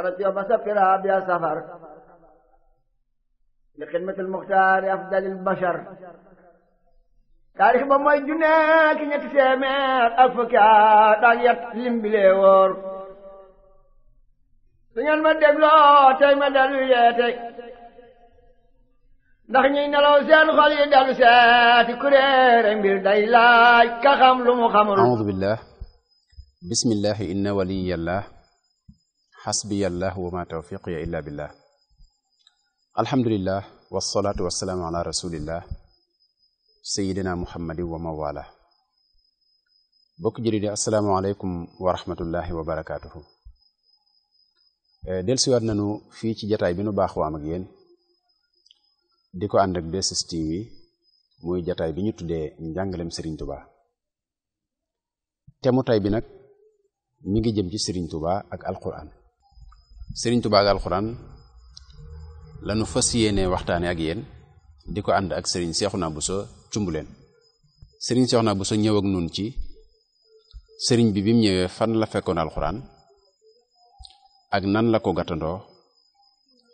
أردت يوم سفرها بها سفر لخدمة المختار أفضل البشر taarix ba mooy junneek ñetti téeméer ak fukki at ak yat lim bi lee wóor su ngeen ma dégloo tey ma dellu yeete ndax ñuy nelaw seen xol yi dellu seeti kuréere mbir day laaj ka xam lu mu xamul. audu billah bismillahi inna waliyallah xasbiyallah wa ma tawfiqiya illa billah alhamdulillah wasalaatu wasalaamu ala rasulillah sayidina muhammadin wa mawala bokk jëri di asalaamualeykum wa rahmatullahi wa barakatuhu delsiwaat nanu fii ci jataay bi nu baax waam ak yéen di ko ànd ak muy jataay bi ñu tuddee njàngalem Serigne Touba te mu tay bi nag mi ngi jëm ci Serigne Touba ak alquran sëriñ Tuubaa ak alxuraan lanu fas yéene waxtaane ak yéen di ko ànd ak sëriñ Seexuna Buso Cumbuleen sëriñ Seexuna Buso ñëw ak nun ci sëriñ bi bi ñëwee fan la fekkoon alxuraan ak nan la ko gattandoo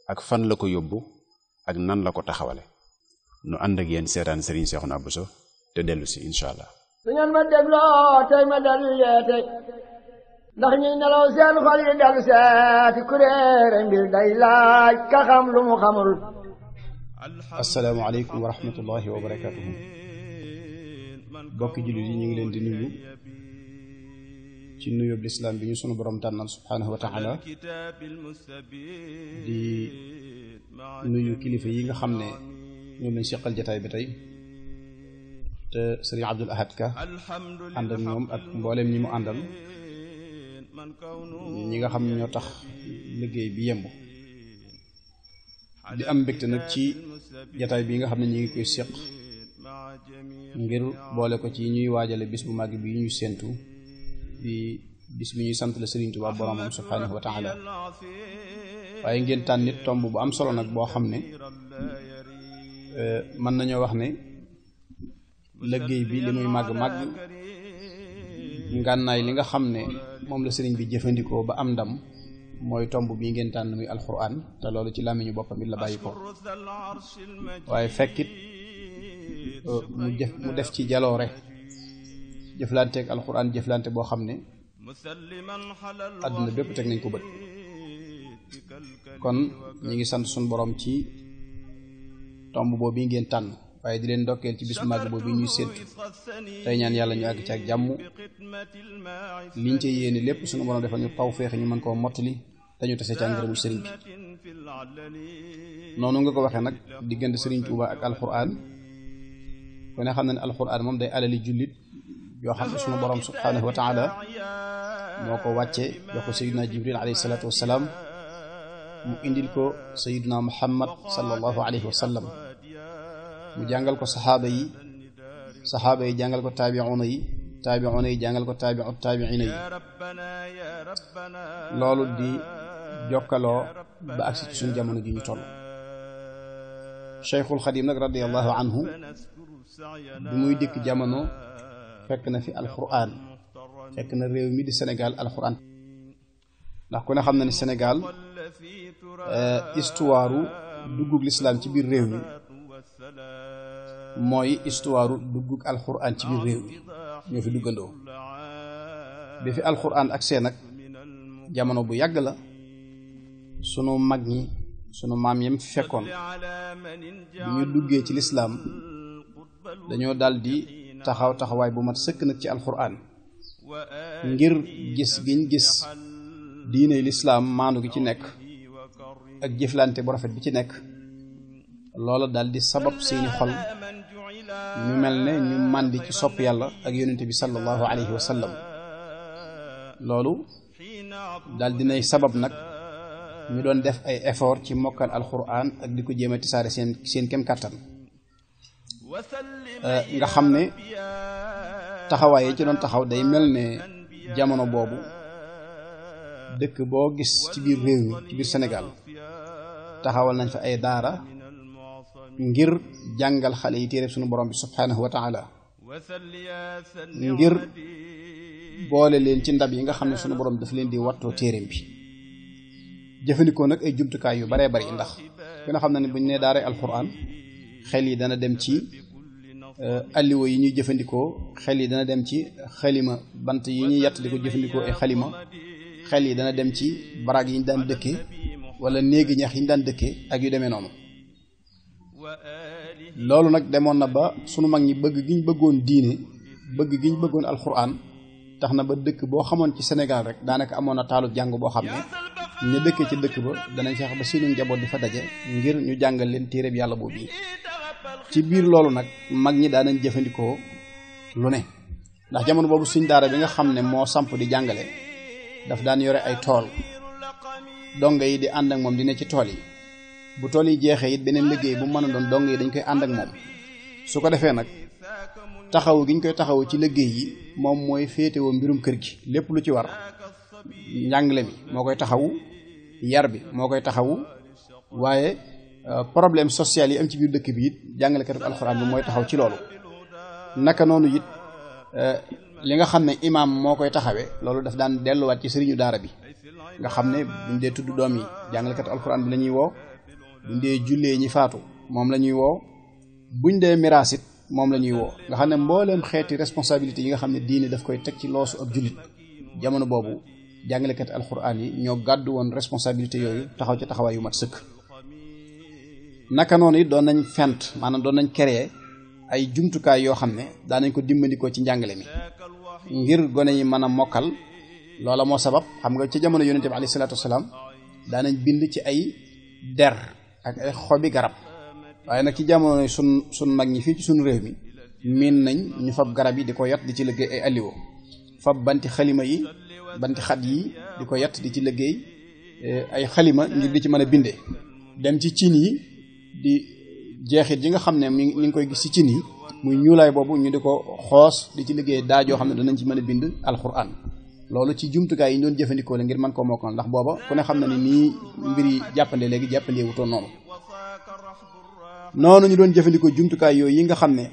ak fan la ko yóbbu ak nan la ko taxawale nu ànd ak yéen seetaan sëriñ Seexuna Buso te dellu si incha allah. su ngeen ma dégloo tey ma dal yeete ndax ñuy nelaw seen xol yi dellu seeti kuréere mbir day laaj ka xam lu mu xamul asalaamaaleykum wa rahmatullahi wa barakatuhu bokki jullit yi ñu ngi leen di nuyu ci nuyób lislaam bi ñu sunu borom tànnal subhaanahu wa taala di nuyu kilifa yi nga xam ne ñoom lañ seqal jataay bi tey te sëriñ Abdul Ahad Ka ànd ak ñoom ak mbooleem ñi mu àndal ñi nga xam ne ñoo tax liggéey bi yemb di am mbégte nag ci jataay bi nga xam ne ñi ngi koy séq ngir boole ko ci ñuy waajale bis bu màgg bi ñuy séentu di bis bi ñuy sant la Sëriñ Tuubaa boromam subhaanahu wa taala waaye ngeen nit tomb bu am solo nag boo xam ne eh, mën nañoo wax ne liggéey bi li màgg màgg ngànnaay li nga xam ne moom la sëriñ bi jëfandikoo ba am ndam mooy tomb bii ngeen tànn muy alxuraan te loolu ci làmmiñu boppam it la bàyyi ko waaye fekkit euh, mu jëf def ci jaloore jëflanteeg alxuraan jëflante boo xam ne àdduna bépp teg nañ ko bët kon ñi ngi sant suñu boroom ci tomb boobu ngeen tànn waaye di leen ndokkeel ci bis bu màgg boobu ñuy séntu tey ñaan yàlla ñu àgg ci ak jàmm liñ ci yéene lépp suñu borom defal ñu taw feex ñu mën koo mottali dañu tase ci ngërëmu sëriñ bi noonu nga ko waxee nag diggante sëriñ Touba ak alxuraan ku ne xam na ne alxuraan moom day alali jullit yoo xam ne suñu subhaanahu wa taala ko wàcce jox ko sayyidina jibril alayhi salaatu wassalaam mu indil ko sayyidina muhammad sallallahu alayhi wa sallam mu jàngal ko saxaaba yi saxaaba yi jàngal ko taabi'una yi taabi'una yi jàngal ko taabi'u taabi'ina yi loolu di jokkaloo ba agsi ci jamono ji ñu toll Cheikhul Xadim nag radiyallahu anhu bi muy dikk jamono fekk na fi alquran fekk na réew mi di Sénégal alquran ndax ku ne xam na ne Sénégal eh, histoire dugub lislaam ci biir réew mi mooy histoire duggug alxuraan ci biir réew mi ñoo fi duggandoo bi fi alxuraan ak seen ak jamono bu yàgg la sunu mag ñi sunu maam yam fi fekkoon bi ñu duggee ci lislaam dañoo daldi taxaw taxawaay bu mat sëkk nag ci alxuraan ngir gis giñ gis diine lislaam maandu gi ci nekk ak jëflante bu rafet bi ci nekk loola daldi sabab seeni xol ñu mel ne ñu màndi ci sopp yàlla ak yonente bi sallallahu alayhi wa sallam loolu daal dinay sabab nag ñu doon def ay effort ci mokkal alquran ak di ko jéem a tisaare seen seen kem kàttan eh, nga xam ne taxawaay yi ci doon taxaw day mel ne jamono boobu dëkk boo gis ci biir réew mi ci biir Sénégal taxawal nañ fa ay daara ngir jàngal xale yi téereb sunu borom bi subhaanahu wa taala ngir boole leen ci ndab yi nga xam ne sunu borom daf leen di wattoo téereem bi jëfandikoo nag ay jumtukaay yu baree bari ndax ku ne xam na ne bu ñu nee daaray alquran xel yi dana dem ci euh, alliwo yi ñuy jëfandikoo xel yi dana dem ci xalima bant yi ñuy yàtt di ko jëfandikoo ay xalima xel yi dana dem ci baraag yi ñu daan dëkke wala néegi ñax yi ñu daan dëkke ak yu demee noonu loolu nag demoon na ba sunu mag ñi bëgg giñ bëggoon diine bëgg giñ bëggoon alxuraan tax na ba dëkk boo xamoon ci senegal rek daanaka amoon na taalu jàng boo xam ne ñu dëkkee ci dëkk ba danañ seex ba seenu njaboot di fa daje ngir ñu jàngal leen téereb yàlla boo yi ci biir loolu nag mag ñi daanañ jëfandikoo lu ne ndax jamono boobu suñ daara bi nga xam ne moo samp di jàngale daf daan yore ay tool donga yi di ànd ak moom di ne ci tool yi bu tool yi jeexee it beneen liggéey bu mu mën a doon dong yi dañ koy ànd ak moom su ko defee nag taxaw gi ñu koy taxawu ci liggéey yi moom mooy féetewoo mbirum kër gi lépp lu ci war njàngale mi moo koy taxawu yar bi moo koy taxawu waaye euh, problème social yi am ci biir dëkk bi it jàngalekatu alxuraan bi mooy taxaw ci loolu naka noonu it euh, li nga xam ne imaam moo koy taxawee loolu daf daan delluwaat ci sëriñu daara bi nga xam ne buñ dee tudd doom yi jàngalekatu alxuraan bi la ñuy woo buñ dee jullee ñi faatu moom la ñuy woo buñ dee miraas moom la ñuy woo nga xam ne mbooleem xeeti responsabilité yi nga xam ne diine daf koy teg ci loosu ab jullit jamono boobu jàngalekat alxuraan yi ñoo gàdd woon responsabilité yooyu taxaw ci taxawaay yu mat sëkk naka noonu it doon nañ fent maanaam doon nañ créer ay jumtukaay yoo xam ne daan nañ ko dimbandikoo ci njàngale mi ngir gone yi mën a mokkal loola moo sabab xam nga ci jamono yonente bi alayhi salaatu daanañ bind ci ay der ak ay xobi garab waaye nag ci jamono sun sun mag ñi fii ci suñu réew mi miin nañ ñu fab garab yi di ko yat di ci liggéey ay alliwo fab banti xalima yi banti yi di ko yat di ci liggéey eh, ay xalima ngir di ci mën a bindee dem ci cin yi di jeexit yi nga xam ne mi ngi koy gis ci cin yi muy ñuulaay boobu ñu di ko xoos di ci liggéey daa joo xam ne danañ ci mën a bind alxuraan loolu ci jumtukaay yi ñu doon jëfandikoo la ngir mën koo mokkal ndax booba ku ne xam na ni nii mbir yi jàppande léegi jàppandee wutoon noonu noonu ñu doon jëfandikoo jumtukaay yooyu yi nga xam ne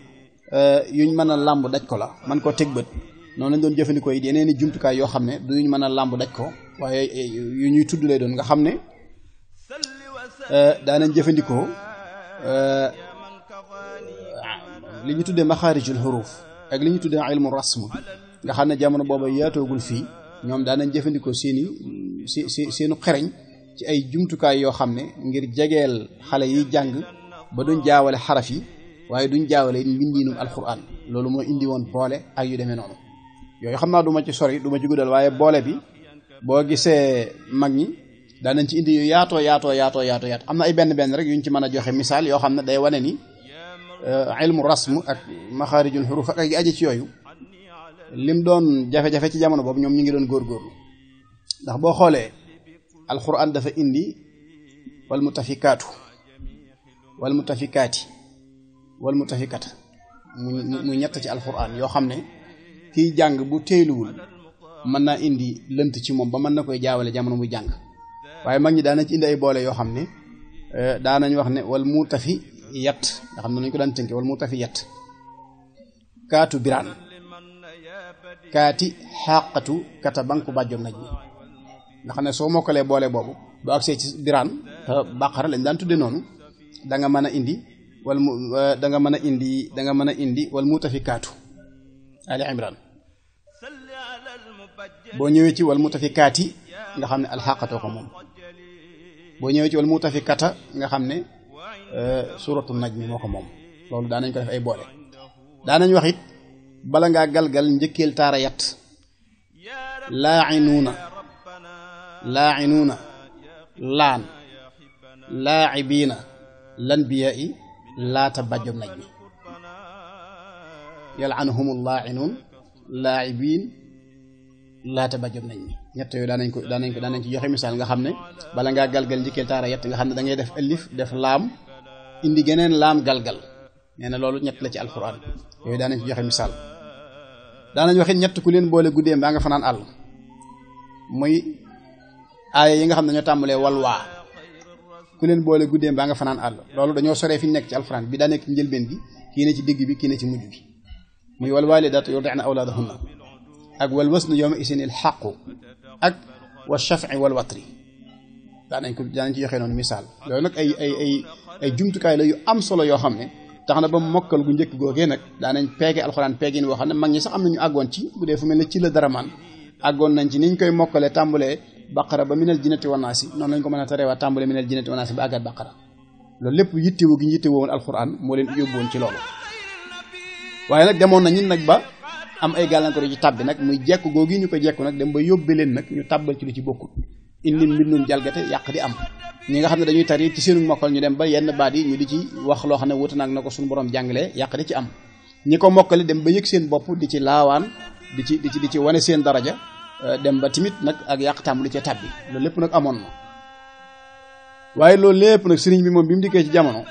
eh, yuñ mën a làmb daj ko la man koo teg bët noonu lañ doon jëfandikoo yi i jumtukaay yoo xam ne du ñu mën a làmb daj ko waaye eh, yu ñuy tudd lay doon nga xam ne eh, daanañ jëfandikoo li ñu tuddee maxaarijul xuruuf ak li ñu tuddee ilmu rasm nga xam ne jamono booba yaatoogul fii ñoom daanañ jëfandikoo seeni si seenu xereñ ci ay jumtukaay yoo xam ne ngir jegeel xale yi jàng ba duñ jaawale xaraf yi waaye duñ jaawale it mbindiinum alquran loolu moo indi woon boole ak yu demee noonu yooyu xam naa du ma ci sori duma ma ci guddal waaye boole bi boo gisee mag ñi daanañ ci indi yu yaatoo yaatoo yaato yaato yaatoo am na ay benn benn rek yuñ ci mën a joxe misaal yoo xam ne day wane ni euh, ilmu rasm ak maxaarijul xuruf ay aji ci yooyu lim doon jafe-jafe ci jamono boobu ñoom ñu ngi doon góorgóorlu ndax boo xoolee alxuraan dafa indi wal mutafikaatu wal mutafikaati wal mu mu ñett ci alxuraan yoo xam ne kiy jàng bu teeluwul mën naa indi lënt ci moom ba mën na koy jaawale jamono muy jàng waaye mag ñi daana ci indi ay boole yoo xam ne eh, daanañ wax ne wal mutafi yat nga mu ne nañu ko daan tënke wal tafi yat kaatu biraan kaati xàqatu kata bank bàjjoon naj bi nga xam ne soo mokkalee boole boobu boo agsee ci biraan te lañ daan tudde noonu da nga mën a indi wal mu da nga mën a indi da mën a indi wal mutafikaatu ali imran boo ñëwee ci wal mutafikaati nga xam ne alxàqatoo moom boo ñëwee ci wal mutafikata nga xam ne euh, suratu naj mi moo ko moom loolu daanañ ko def ay boole daanañ wax it bala ngaa galgal njëkkeel taara yat laacinuuna laacinuuna laan laacibiina lan biyaa i laata bàjjom naj mi yalcanuhum laacinuun laacibiin laata bàjjom naj mi ñett yooyu daanañ ko daanañ ko daanañ ci joxe misaal nga xam ne bala ngaa galgal njëkkeel taara yat nga xam ne da def ëllif def laam indi geneen laam galgal nee na loolu ñett la ci alquran yooyu daanañ ci joxe misaal daanañ waxit ñett ku leen boole guddee mbaa nga fanaan àll muy aaya yi nga xam ne ñoo tàmbalee walwaa ku leen boole guddee mbaa nga fanaan àll loolu dañoo soree fi ñu nekk ci alxuraan bi daa nekk ci njëlbeen bi kii ne ci digg bi kii ne ci mujj bi muy wal waalidaatu yurdi'na awlaadahunna ak wal wasnu yawma isinil xaqu ak wa shafi wal watri daanañ ko daanañ ci joxe noonu misaal loolu nag ay ay ay ay jumtukaay la yu am solo yoo xam ne tax na ba mu mokkal gu njëkk googee nag daanañ peege alxuraan peegin woo xam ne mag ñi sax am nañu àggoon ci bu dee fu mel ne ci la daramaan àggoon nañ ci niñ koy mokkale tàmbalee baqara ba minal jinati wanaasi noonu lañ ko mën a tareewaat tàmbalee minal jinati wanaasi ba àggat baqara loolu lépp yittewu gi ñu yittewoon alxuraan moo leen yóbbuwoon ci loolu waaye nag demoon na ñin nag ba am ay gàllankoor ci tàbbi nag muy jekku googu ñu ko jekku nag dem ba yóbbe leen nag ñu tàbbal ci lu ci bokkul indi mbindum jalgate yàq di am ñi nga xam ne dañuy tari ci seenu mokkal ñu dem ba yenn baat yi ñu di ci wax loo xam ne wuute nag na ko suñu borom jàngalee yàq di ci am ñi ko mokkali dem ba yëg seen bopp di ci laawaan di ci di ci di ci wane seen daraja euh, dem ba timit nag ak yàq tàmbali cee tàbbi loolu lépp nag amoon na waaye loolu lépp nag sëriñ bi moom bi mu dikkee ci jamono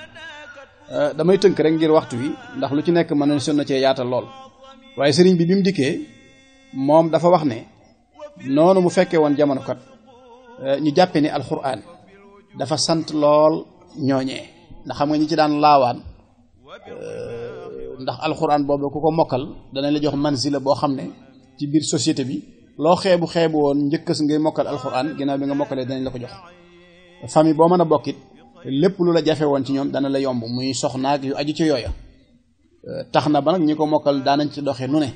euh, damay tënk rek ngir waxtu wi ndax lu ci nekk mën na sonna cee yaatal lool waaye sëriñ bi bi mu dikkee moom dafa wax ne noonu mu fekkee woon jamono kat Euh, ñu jàppe ni alxuraan dafa sant lool ñooñee ndax xam nga ñi ci daan laawaan euh, ndax alxuraan boobu ku ko mokkal danañ la jox manzila boo xam ne ci biir société bi loo xeebu xeebu woon njëkkës ngay mokkal alxuraan ginnaaw bi nga mokkalee danañ la ko jox famille boo mën a bokkit lépp lu la jafe woon ci ñoom dana la yomb muy soxnaak yu aju ci yooya euh, tax na ba nag ñi ko mokkal daanañ ci doxe nu ne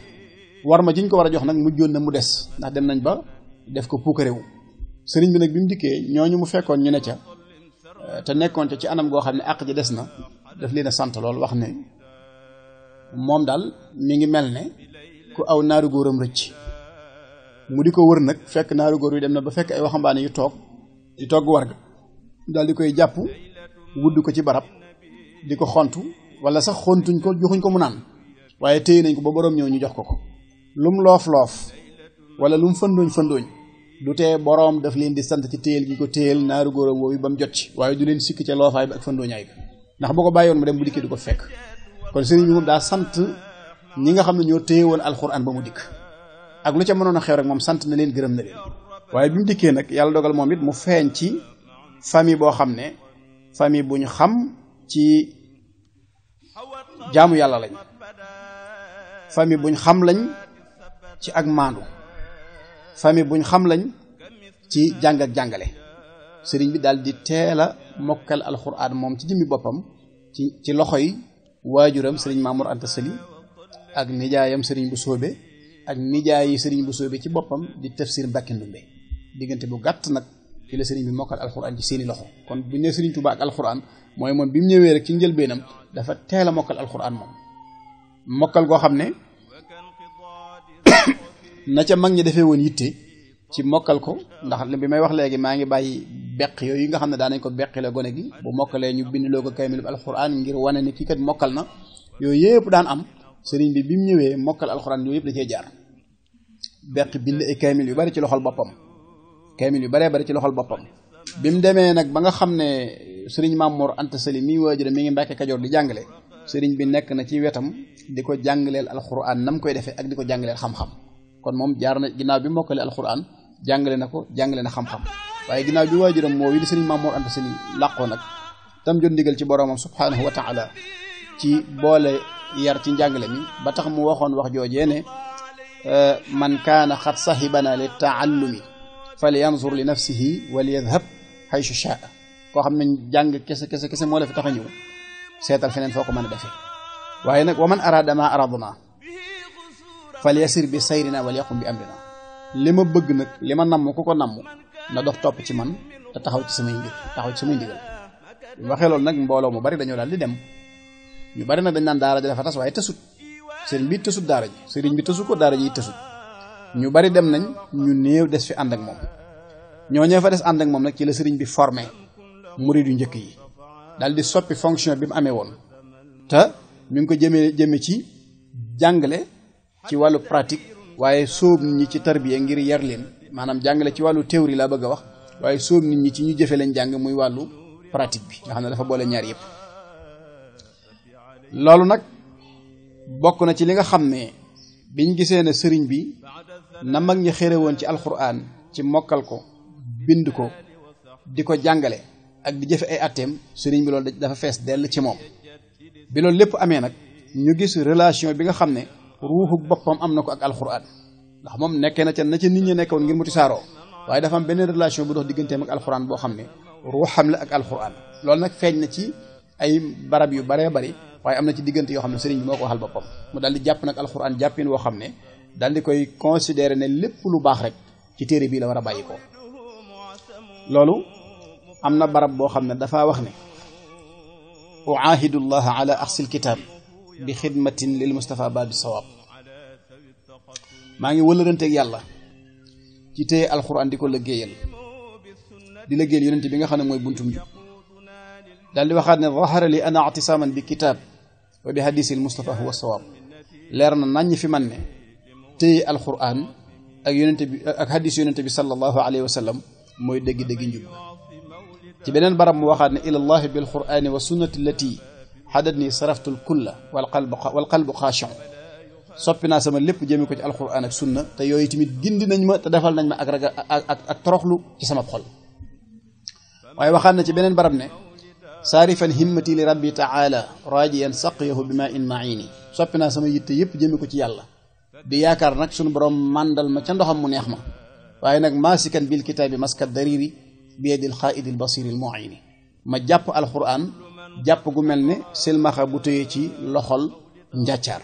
war ma jiñ ko war a jox nag mu mujjoon na mu des ndax dem nañ ba def ko puukarewu sëriñ bi nag bi mu dikkee ñooñu mu fekkoon ñu ne ca eh, te nekkoon ca ci anam goo xam ne àq ji des na daf leen a sant lool wax ne moom daal mu ngi mel ne ku aw naaru góoram rëcc mu di ko wër nag fekk naaru góor yi dem na ba fekk ay waxambaane yu toog di togg warga daal di koy jàpp wudd ko ci barab di ko xontu wala sax xontuñ ko joxuñ ko mu naan waaye téye nañ ko ba boroom ñëw ñu jox ko ko lum loof loof wala lum fëndooñ fëndooñ du tee boroom daf leen di sant ci téyel gi ko téyel naaru góoram woowu ba mu jot ci waaye du leen sikk ca loofaay bi ak fandooñaay bi ndax boo ko bàyyoon mu dem bu dikkee du ko fekk kon sëriñ bi moom daa sant ñi nga xam ne ñoo téye woon alxuraan ba mu dikk ak lu ca mënoon a xew rek moom sant na leen gërëm na leen waaye bi mu dikkee nag yàlla dogal moom it mu feeñ ci famille boo xam ne famille bu xam ci jaamu yàlla lañ famille buñ xam lañ ci ak maandu famille buñ xam lañ ci jàng jàngale sëriñ bi daal di teel a mokkal alxuraan moom ci jëmmi boppam ci ci loxoy waajuram sëriñ Mamour Anta Sali ak nijaayam sëriñ bu soobe ak nijaayi sëriñ bu soobe ci boppam di tafsir Mbàkke Ndumbe diggante bu gàtt nag ci la sëriñ bi mokkal alxuraan ci seeni loxo kon bu ne sëriñ Tuubaa ak alxuraan mooy moom bi mu ñëwee rek ci teel a mokkal alxuraan moom mokkal goo xam ne na ca mag ñi defee woon yitte ci mokkal ko ndax bi may wax léegi maa ngi bàyyi beq yooyu nga xam ne daan nañ ko beqi la gone gi bu mokkalee ñu bindiloo ko kaymil bi alxuraan ngir wane ni kii kat mokkal na yooyu yëpp daan am sëriñ bi bi mu ñëwee mokkal alxuraan yooyu yëpp da cee jaar beq bind ay kaymil yu bari ci loxol boppam kaymil yu baree bari ci loxol boppam bi mu demee nag ba nga xam ne sëriñ Mamour Anta Sali mi waajur mi ngi Mbàkke Kajoor di jàngale sëriñ bi nekk na ci wetam di ko jàngaleel alxuraan nam koy defee ak di ko jàngaleel xam kon moom jaar na ginnaaw bi mokkale alxuraan jàngale na ko jàngale na xam-xam waaye ginnaaw bi waajuram moo wi di sëriñ Maam Mor Anta Sali làqoo nag tam jot ndigal ci boromam subhaanahu wa taala ci boole yar ci njàngale mi ba tax mu waxoon wax joojee ne euh, man kaana xat sahibana li taallumi fal yanzur li nafsihi wal yadhab haysu shaa koo xam ne jàng kese kese kese moo la fi tax a ñëw seetal feneen foo ko mën a defee waaye nag wa man araada ma aradna fal yasir bi sayrina wala yaqum bi amrina li ma bëgg nag li ma namm ku ko namm na dox topp ci man te taxaw ci samay ngir taxaw ci samay ndigal bu waxee loolu nag mbooloo mu bari dañoo daal di dem ñu bari nag dañ naan daara ji dafa tas waaye tësut sëriñ bi tësut daara ji sëriñ bi tësu ko daara ji tësut ñu bari dem nañ ñu néew des fi ànd ak moom ñoo ñoo fa des ànd ak moom nag ci la sëriñ bi formé murid yu njëkk yi daal di soppi fonction bi mu amee woon te mi ngi ko jëmee jëme ci jàngale ci wàllu pratique waaye sóob nit ñi ci tarbiya ngir yar leen maanaam jàngale ci wàllu tewri laa bëgg a wax waaye sóob nit ñi ci ñu jëfe leen jàng muy wàllu pratique bi nga xam ne dafa boole ñaar yëpp loolu nag bokk na ci li nga xam ne biñ gisee ne sëriñ bi na mag ñi xére woon ci alxuraan ci mokkal ko bind ko di ko jàngale ak di jëfe ay atteem sëriñ bi loolu dafa fees dell ci moom bi loolu lépp amee nag ñu gis relation bi nga xam ne ruuxuk boppam am na ko ak alxuraan ndax moom nekkee na ca na ca nit ñi nekkoon ngir mu tisaaroo waaye dafa am beneen relation bu dox digganteem ak alxuraan boo xam ne ruuxam la ak alxuraan loolu nag feeñ na ci ay barab yu baree bari waaye am na ci diggante yoo xam ne sëriñ bi moo ko waxal boppam mu daal di jàpp nag alxuraan jàppin woo xam ne daal di koy considéré ne lépp lu baax rek ci téere bii la war a bàyyi ko loolu am na barab boo xam ne dafa wax ne uaahidullaha ala axsil kitaab bi xidmatin lil Mustafa baabi sawaab maa ngi wëlëranteeg yàlla ci téye alxuraan di ko liggéeyal di liggéeyal yonent bi nga xam ne mooy buntum ju daal di waxaat ne zahara li ana atisaaman bi kitaab wa bi hadisil Mustafa huwa sawaab leer na naññ fi man ne téye alxuraan ak yonent bi ak hadis yonent bi sallallahu alayhi wa mooy dëgg-dëgg njub ci beneen barab mu waxaat ne ilallahi bil qur'ani wa sunnati allati xadat nii saraftul kulla wal qalbu wal qalbu xaashi'un soppi naa sama lépp jëme ko ci alquran ak sunna te yooyu tamit gindi nañ ma te defal nañ ma ak ragal ak ak toroxlu ci sama xol waaye waxaat na ci beneen barab ne saarifan himmati li rabbi taala raajiyan saqiyahu bi maa in maini soppi naa sama yitte yëpp jëme ko ci yàlla di yaakaar nag sunu borom màndal ma ca ndoxam mu neex ma waaye nag maasikan bil kitaabi maska dariri bi yadil xaaidil basiril muini ma jàpp alquran jàpp gu mel ni silmaxa bu tëye ci loxol njàccaar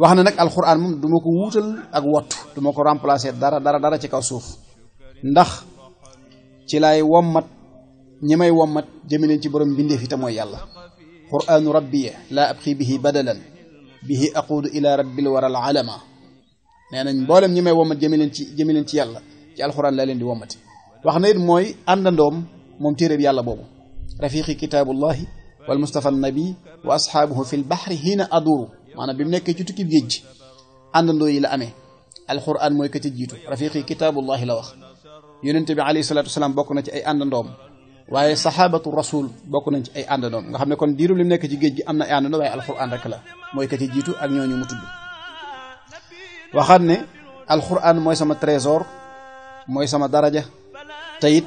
wax na nag alxuraan moom duma ko wuutal ak wot duma ko remplacer dara dara dara ci kaw suuf ndax ci lay wommat ñi may wommat jëme leen ci borom mbindeef yi te mooy yàlla quraanu rabbiya laa abxi bihi badalan bihi aquudu ila rabbil waral alama nee nañ mboolem ñi may wommat jëme leen ci jëme leen ci yàlla ci alxuraan laa leen di wommati wax na it mooy àndandoom moom téeréb yàlla boobu rafiqi kitaabullahi wal mustafa nabi wa asxaabuhu fi lbaxri hiina aduuru maanaam bi mu nekkee ci tukki géej ji àndandoo yi la amee alquran mooy ka ci jiitu rafiqi kitaabullahi la wax yonente bi alayhi salatu wasalaam bokk na ci ay àndandoom waaye saxaabatu rasul bokk nañ ci ay àndandoom nga xam ne kon diiru li nekk ci géej gi am na ay àndandoo waaye alquran rek la mooy ka ci jiitu ak ñooñu mu tudd waxaat ne alquran mooy sama trésor mooy sama daraja te it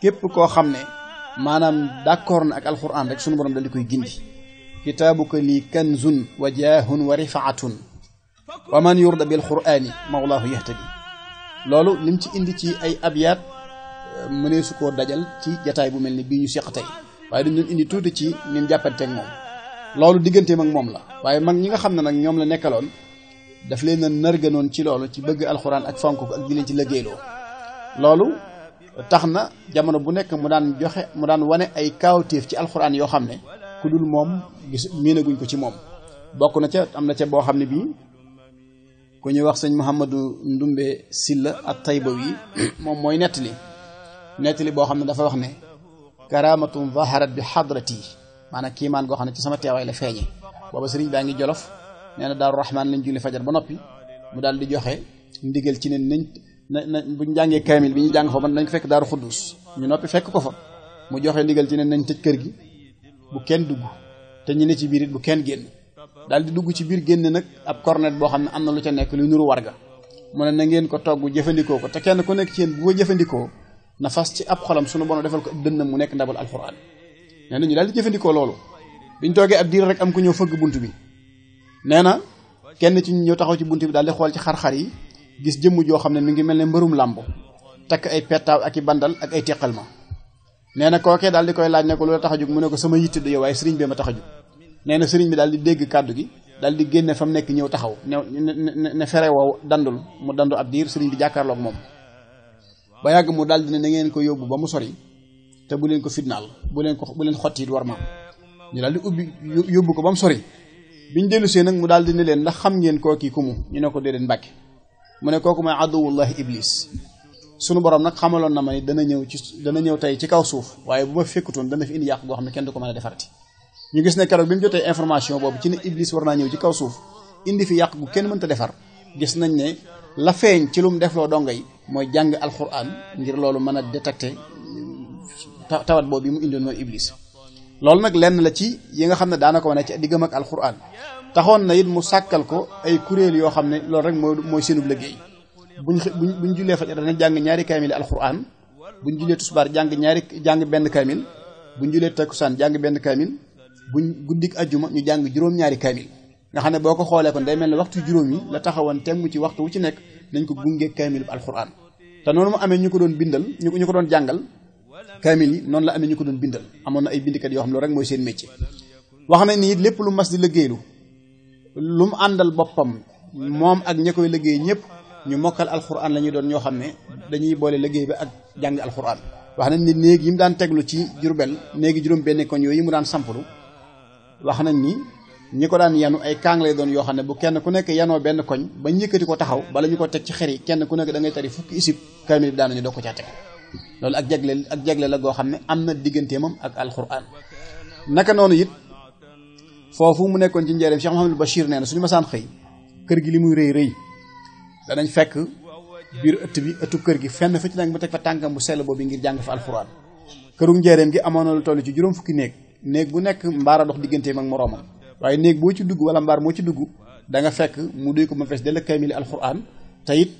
képp koo xam ne maanaam d'accord na ak alquran rek sunu borom dal di koy gindi ko kitaabuka lii kanzun wa jaahun wa rifaatun da man yurda bil qur'ani mawlaahu yahtadi loolu lim ci indi ci ay abyaat euh, mënee su koo dajal ci jataay bu mel ni bii ñu seq tey waaye dañ leen indi tuuti ci nim jàppanteeg moom loolu digganteem ak moom la waaye mag ñi nga xam ne nag ñoom la nekkaloon daf leen na narganoon ci loolu ci bëgg alxuraan ak fonk ko ak di ci liggéeyloo loolu tax na jamono bu nekk mu daan joxe mu daan wane ay kaawteef ci alxuraan yoo xam ne ku dul moom gis miinaguñ ko ci moom bokk na ca am na ca boo xam ne bii ku ñuy wax sëñ Mouhamadou Ndumbe Silla ak yi moom mooy nettali nettali boo xam ne dafa wax ne karamatum zaharat bi hadrati maanaam kiimaan goo xam ne ci sama teewaay la feeñe booba sëriñ baa ngi jolof nee na rahmaan lañ julli fajar ba noppi mu daal di joxe ndigal ci ne nañ na na bu ñu jàngee kaamil bi ñu jàng fa man nañ ko fekk daaru xuddus ñu noppi fekk ko fa mu joxe ndigal ci ne nañ tëj kër gi bu kenn dugg te ñu ne ci biir it bu kenn génn daal di dugg ci biir génn nag ab cornet boo xam ne am na lu ca nekk lu nuru warga mu ne na ngeen ko togg jëfandikoo ko te kenn ku nekk ci yéen bu ko jëfandikoo na fas ci ab xolam sunu bono defal ko ab dënnam mu nekk ndabal alxuraan nee na ñu daal di jëfandikoo loolu biñ toogee ab rek am ku ñëw fëgg bunt bi nee na kenn ci ñu ñëw taxaw ci bunt bi daal di xool ci xar yi gis jëmm joo xam ne mi ngi mel ne mbërum làmb takk ay pettaaw ak i bandal ak ay teqal ma nee na kookee daal di koy laaj ne ko loola tax a jóg mu ne ko sama yitte du yow waaye sëriñ bee ma tax a jóg nee na sëriñ bi daal di dégg kàddu gi daal di génne fa mu nekk ñëw taxaw ne ne fere wow dandul mu dandu ab diir sëriñ bi jàkkaarloog moom ba yàgg mu daal di ne na ngeen ko yóbbu ba mu sori te bu leen ko fitnaal bu leen ko bu leen xotti it war maam ñu daal di ubbi yóbbu ko ba mu sori biñ dellusee nag mu daal di ne leen ndax xam ngeen koo kii ku ne ko déedéet mbàkke mu ne kooku mooy aduwullahi iblis sunu borom nag xamaloon na ma ni dana ñëw ci dana ñëw tey ci kaw suuf waaye bu ma fekkutoon dana fi indi yàq goo xam ne kenn du ko mën a defarati ñu gis ne keroog bi mu jotee information boobu ci ne iblis war naa ñëw ci kaw suuf indi fi yàq gu kenn mënta defar gis nañ ne la feeñ ci lu mu defloo donga yi mooy jàng alquran ngir loolu mën a détecté tawat boobu bi mu indoon mooy iblis loolu nag lenn la ci yi nga xam ne daana ko wane ci diggam ak alquran taxoon na it mu sàkkal ko ay kuréel yoo xam ne loolu rek mooy mooy seenub liggéey buñ buñ buñ jullee fajar na jàng ñaari kaamil alxuraan buñ jullee tusbaar jàng ñaari jàng benn kaamil buñ jullee takkusaan jàng benn kaamil buñ guddik ajjuma ñu jàng juróom-ñaari kaamil nga xam ne boo ko xoolee kon day mel ne waxtu juróom yi la taxawoon temm ci waxtu wu ci nekk nañ ko gunge kaamil alxuraan te noonu mu amee ñu ko doon bindal ñu ñu ko doon jàngal kaamil yi noonu la amee ñu ko doon bindal amoon ay bindikat yoo xam ne rek mooy seen métier wax nañ ni it lépp lu mas di liggéeylu lu mu àndal boppam moom ak ña koy liggéey ñëpp ñu mokkal alxuraan la ñuy doon ñoo xam ne dañuy boole liggéey bi ak jàng alxuraan. wax nañ ni néeg yi mu daan teglu ci Jurbel néegi juróom-benn koñ yooyu mu daan sampalu wax nañ ni ñi ko daan yanu ay kaang lay doon yoo xam ne bu kenn ku nekk yanoo benn koñ ba ñëkkati ko taxaw bala ñu ko teg ci xer yi kenn ku nekk da ngay tari fukki isib kaamil daan nañu doo ko caa teg loolu ak jagle ak jagle la goo xam ne am na digganteemam ak alxuraan naka noonu it foofu mu nekkoon ci njëriñ Cheikh Mouhamadou Bachir nee na suñu masaan xëy kër gi li muy rëy rëy danañ fekk biir ëtt bi ëttu kër gi fenn fi ci nag mu teg fa tànkam bu sell boobu ngir jàng fa alxuraan këru njëriñ gi amoon na lu toll ci juróom fukki néeg néeg bu nekk mbaara dox digganteem ak moroomam waaye néeg boo ci dugg wala mbaar moo ci dugg danga fekk mu duy ko ma fees dell kaamili alxuraan te it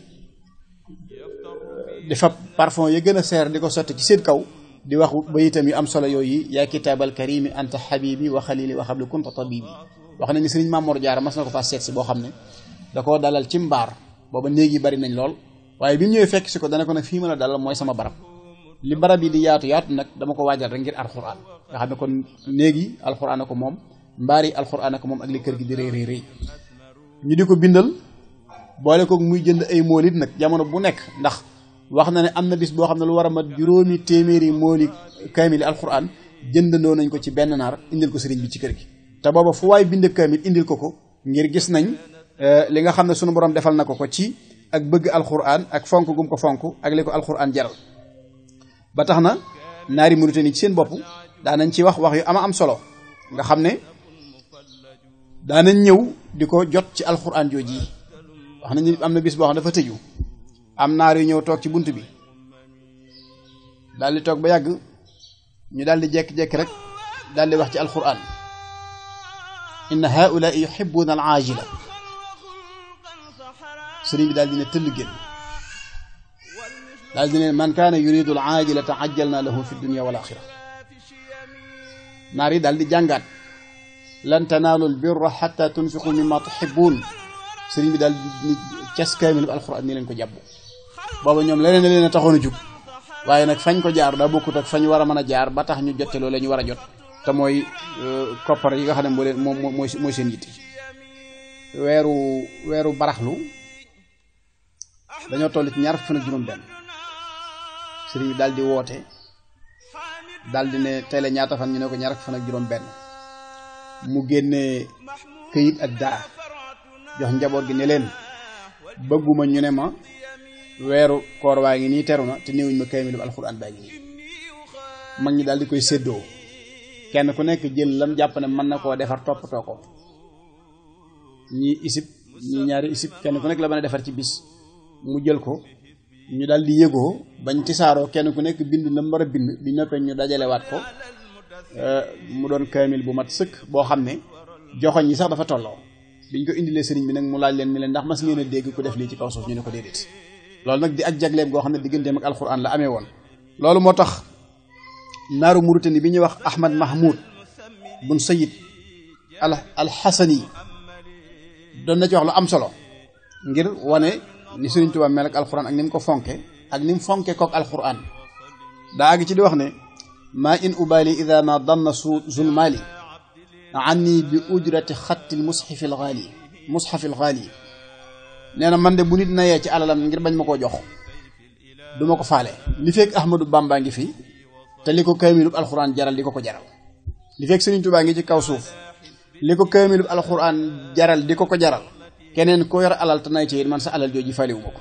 di fa parfum ya gën a seer di ko sotti ci seen kaw di wax ba bayitam yu am solo yooyu yaa kitaabal karimi anta xabibi wa xalili wa xabli kunta tabibi wax na ni sëriñ Mamoor Jaara mas na ko faa seet si boo xam ne da koo dalal ci mbaar booba néeg bari nañ lool waaye bi mu ñëwee fekk si ko dana ko nag fii ma a dalal mooy sama barab li barab yi di yaatu yaatu nag dama ko waajal rek ngir alxuraan nga xam ne kon néeg yi alxuraan ko moom mbaari yi alxuraan moom ak li kër gi di rëy rëy rëy ñu di ko bindal boole ko muy jënd ay moolit nag jamono bu nekk ndax wax na ne am na bis boo xam ne lu war a mat juróomi téeméeri mooli kaamil alxuraan jëndandoo nañ ko ci benn naar indil ko sëriñ bi ci kër gi te booba fu waay bind kaamil indil ko ko ngir gis nañ euh, li nga xam ne sunu borom defal na ko ko ci ak bëgg alxuraan ak fonk gum ko fonk ak li ko alxuraan jaral ba tax na naari Mauritanie ci seen bopp nañ ci wax wax yu ama am solo nga xam ne daa daanañ ñëw di ko jot ci alxuraan jooji wax nañu am na bis boo xam dafa tëju am naar yu ñëw toog ci bunt bi daldi toog ba yàgg ñu daldi jekki-jekki rek daldi wax ci alquran inna haulaai yuhibuuna al aajila sëriñ bi daldi ne tëll génn daldi ne man kaana yuridu al aajila taajjalna lahu fi dunya wal axira naar yi daldi jàngaat lan tanaalu al birra xatta tunfiqu mimma tuhibuun sëriñ bi daldi ni cas kaamil bi alquran ni leen ko jàpp booba ñoom leneen leen a taxoon a jug waaye nag fañ ko jaar daa bokkut ak fañ war a mën a jaar ba tax ñu jot loolu ñu war a jot te mooy euh, koppar yi nga xam ne moo leen moom mooy mooy seen yitte weeru weeru baraxlu dañoo toll ci ñaar fan ak juróom-benn daal di woote daal di ne tey ñaata fan ñu ne ko ñaar fan ak juróom-benn mu génnee këyit ak daa jox njaboot gi ne leen bëgguma ñu ne ma weeru koor waa ngi nii teru na te néewuñ ma kaamilu alxuraan baa ngi nii mag ñi daal di koy séddoo kenn ku nekk jël lam jàpp ne mën na koo defar toppatoo ko ñi isib ñii ñaari isib kenn ku nekk la mën a defar ci bis mu jël ko ñu daal di yëgoo bañ tisaaroo kenn ku nekk bind na mbar a bind bi noppee ñu dajalewaat ko euh, mu doon kaamil bu mat sëkk boo xam ne joxoñ yi sax dafa tolloo biñ ko indilee sëriñ bi nag mu laaj leen ni leen ndax mas ngeen a dégg ñu ne ko déedéet loolu nag di ak jagleem goo xam ne digganteem ak alxuraan la amee woon loolu moo tax naaru Mauritanie bi ñuy wax Ahmad Mahmoud bun Sayid al alxasani doon na ci wax lu am solo ngir wane ni Sëriñ Tuubaa mel ak alxuraan ak ni ko fonke ak ni mu fonke kook alxuraan daa gi ci di wax ne ma in ubali ida ma na su zulmaali anni bi ujrati xatti musxafi alxaali musxafi alxaali nee na man de bu nit nayee ci alalam ngir bañ ma koo jox duma ko faale li fekk Ahmadou baa ngi fi te li ko kaamilub alxuraan jaral di ko ko jaral li fekk Sëriñ Tuubaa ngi ci kaw suuf li ko kaamilub alxuraan jaral di ko ko jaral keneen koo yor alal te nay ci man sa alal jooju faaliwu ma ko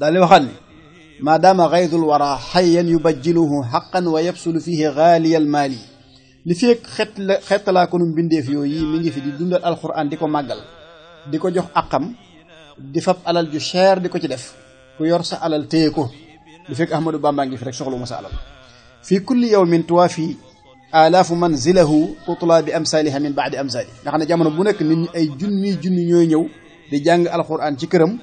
daal di waxaat ni maadaama xaydul wara xayyan yubajjiluhu xaqan wa yabsulu fihi xaaliyal maali li fekk xet la xettalaa ko nu mbindeef yooyu mi ngi fi di dundal alxuraan di ko màggal di ko jox àqam di fab alal ju cher di ko ci def ku yor sa alal téye ko lu fekk Ahmadou Bamba ngi fi rek soxlu ma sa alal fii kulli yawmin tuwaafi alaafu manzilahu tutla bi amsaaliha min baadi amsaali nga xam ne jamono bu nekk nit ñi ay junni junni ñooy ñëw di jàng alxuraan ci këram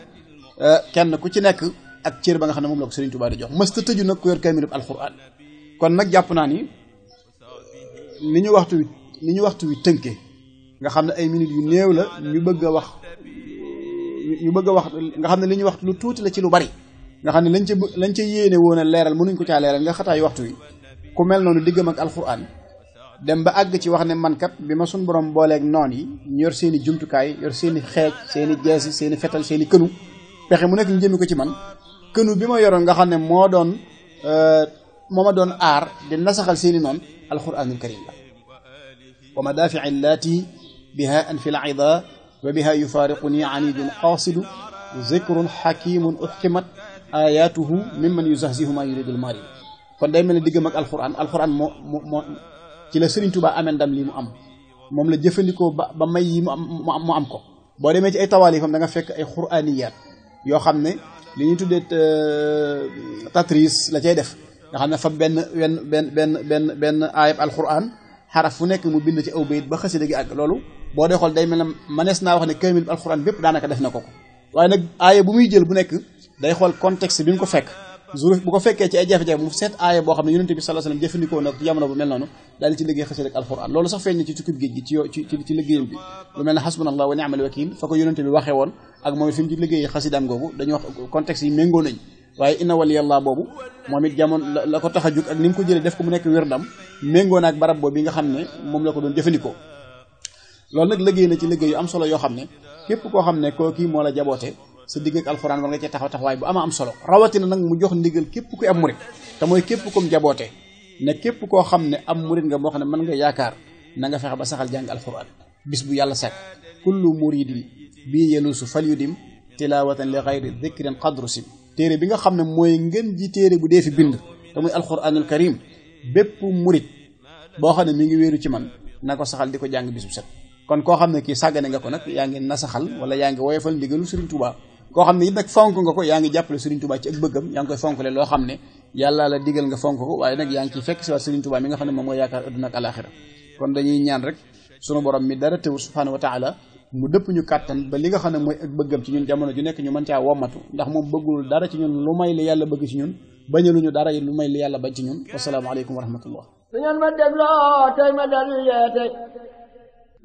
eh, kenn ku ci nekk ak cër ba nga xam ne moom la ko Serigne Touba di jox mësta tëju nag ku yor kaamilub alxuraan kon nag jàpp naa ni ni ñu waxtu wi ni ñu waxtu wi tënke nga xam ne ay minutes yu la ñu bëgg a wax yu bëgg a wax nga xam ne li ñuy wax lu tuuti la ci lu bari nga xam ne lañ ca yéene woon a leeral mënuñ ko caa leeral nga xataay waxtu wi ku mel noonu diggam ak alxuraan dem ba àgg ci wax ne mankat bi ma suñ borom booleeg noon yi ñu yor seeni i jumtukaay yor seeni i xeej seen i jeesi seen i fetal seen kënu pexe mu nekk ñu jëmi ko ci man kënu bi ma yoroon nga xam ne moo doon euh, moo ma doon aar di nasaxal seen i noon alxuraanul karim la wa madaafi'i llaati biha anfi wa biha yufaariquni anidun qaasidu zikrun xakimun uxkimat ayatuhu mimman yuzahzihu ma yuridul marid kon day mel ne diggam ak alquran alquran moo moo ci la Serigne Touba amee ndam lii mu am moom la jëfandikoo ba ba may yi mu am mu am ko boo demee ci ay tawaalifam da nga fekk ay xuraaniyaat yoo xam ne li ñuy tuddee euh, tatris la cay def nga xam ne fa benn benn benn benn benn benn aayab alquran xaraf fu nekk mu bind ci aw bayit ba xasida gi ak loolu boo dee xool day mel ne manees naa wax ne kaamil bi alxuraan bépp daanaka def na ko ko waaye nag aaya bu muy jël bu nekk day xool contexte bi ñu ko fekk jour bu ko fekkee ci ay jafe-jafe mu seet aaya boo xam ne yonente bi sallallahu alayhi wasallam jëfandikoo na ko ci jamono bu mel noonu daal di ci liggéey xasida ak alxuraan loolu sax feeñ na ci tukkib géej gi ci yo bi lu woon ak moom it fi ci liggéeyee xasidaam googu dañu wax contexte yi méngoo nañ waaye inna waliyallah boobu moom it jamono la ko tax a jug ak ni mu ko jële def ko mu nekk wérdam méngoo naak barab boobu bi nga xam ne moom la ko doon jëfandikoo loolu nag liggéey na ci liggéey yu am solo yoo xam ne képp koo xam ne koo kii moo la jaboote sa digg ak alxuraan war nga cee taxaw taxawaay bu ama am solo rawatina nag mu jox ndigal képp ku am murit te mooy képp kum jaboote ne képp koo xam ne am murit nga boo xam ne mën nga yaakaar na fexe ba saxal jàng alxuraan bis bu yàlla sàkk kullu muridin bii yelusu fal yu dim tilawatan li xayri dikrin qadru sim téere bi nga xam ne mooy ngeen ji téere bu dee fi bind te muy alxuraanul karim bépp murit boo xam ne mu ngi wéeru ci man na ko saxal di ko jàng bis bu set kon koo xam ne kii sàggane nga ko nag yaa ngi nasaxal wala yaa ngi woyofal ndigalu Serigne Touba koo xam ne it nag fonk nga ko yaa ngi jàppale Serigne Touba ci ak bëggam yaa ngi koy fonkale loo xam ne yàlla la digal nga fonk ko waaye nag yaa ngi ciy fekk si waat Serigne Touba mi nga xam ne moom mooy yaakaar adduna ak alaxira kon dañuy ñaan rek sunu borom mi dara teewul subhanahu wa mu dëpp ñu kàttan ba li nga xam ne mooy ak bëggam ci ñun jamono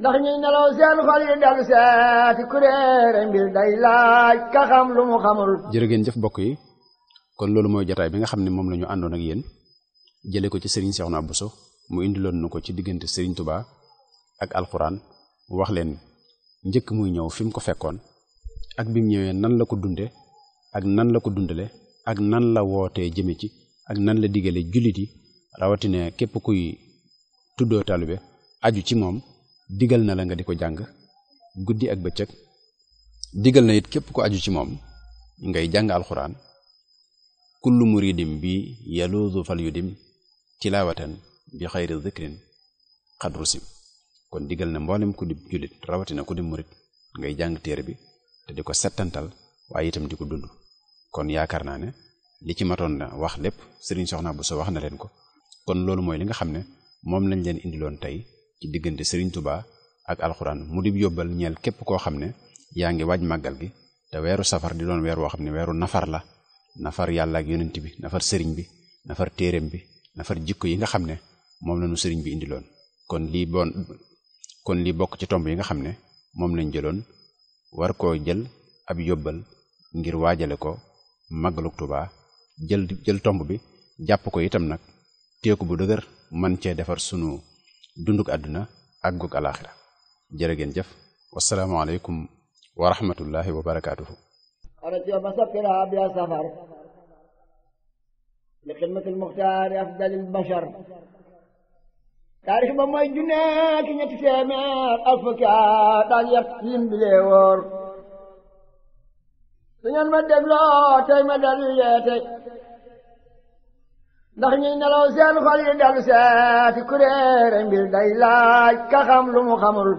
ndax ñuy nelaw seen xol yi dellu seeti kuréere mbir day laaj ka xam lu mu xamul jërë ngeen jëf mbokk yi kon loolu mooy jotaay bi nga xam ne moom lañu àndoon ak yéen jële ko ci sëriñ bu Buso mu indiloon nu ko ci diggante sëriñ tubaa ak alxuraan wax leen njëkk muy ñëw fim ko fekkoon ak bi mu ñëwee nan la ko dunde ak nan la ko dundale ak nan la wootee jëme ci ak nan la digale jullit yi rawatine képp kuy tuddoo taalibe aju ci moom digal na la nga di ko jàng guddi ak bëccëg digal na it képp ko aju ci moom ngay jàng alxuraan kullu muridim bi yu yaluuzu fal yudim tilawatan bi xayri zikrin xadd sim kon digal na mboolem ku jullit rawatina ku di murit ngay jàng téere bi te di ko settantal waaye itam di ko dund kon yaakaar naa ne li ci matoon na wax lépp sëriñ soxna bu so wax na leen ko kon loolu mooy li nga xam ne moom lañ leen indiloon tey ci diggante Serigne Touba ak alxuraan mu di yóbbal ñeel képp koo xam ne yaa ngi waaj màggal gi te weeru safar di doon weer woo xam ne weeru nafar la nafar yàlla ak yonent bi nafar sëriñ bi nafar téereem bi nafar jikko yi nga xam ne moom lañu sëriñ bi indiloon kon lii bon kon lii bokk ci tomb yi nga xam ne moom lañ jëloon war koo jël ab yóbbal ngir waajale ko màggaluk tubaa jël jël tomb bi jàpp ko itam nag teeku bu dëgër man cee defar sunu dunduk àdduna àgguk alaaxira jërë ngeen jëf wasalaamaaleykum wa rahmatullahi wa barakaatuhu أردت فسكرها بها سفر لخدمة المختار أفضل البشر تاريخ بما يجنا كي يتسامر أفكار دال يقسم بليور سنين ما دبلو تاي ما دال ياتي ndax ñuy nelaw seen xol yi dellu seeti kuréere mbir day laaj ka xam lu mu xamul